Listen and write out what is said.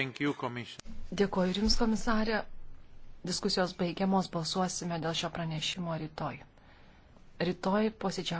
You, Dėkuoju ir Jums, komisarė. Diskusijos baigiamos, balsuosime dėl šio pranešimo rytoj. Rytoj posėdžiau.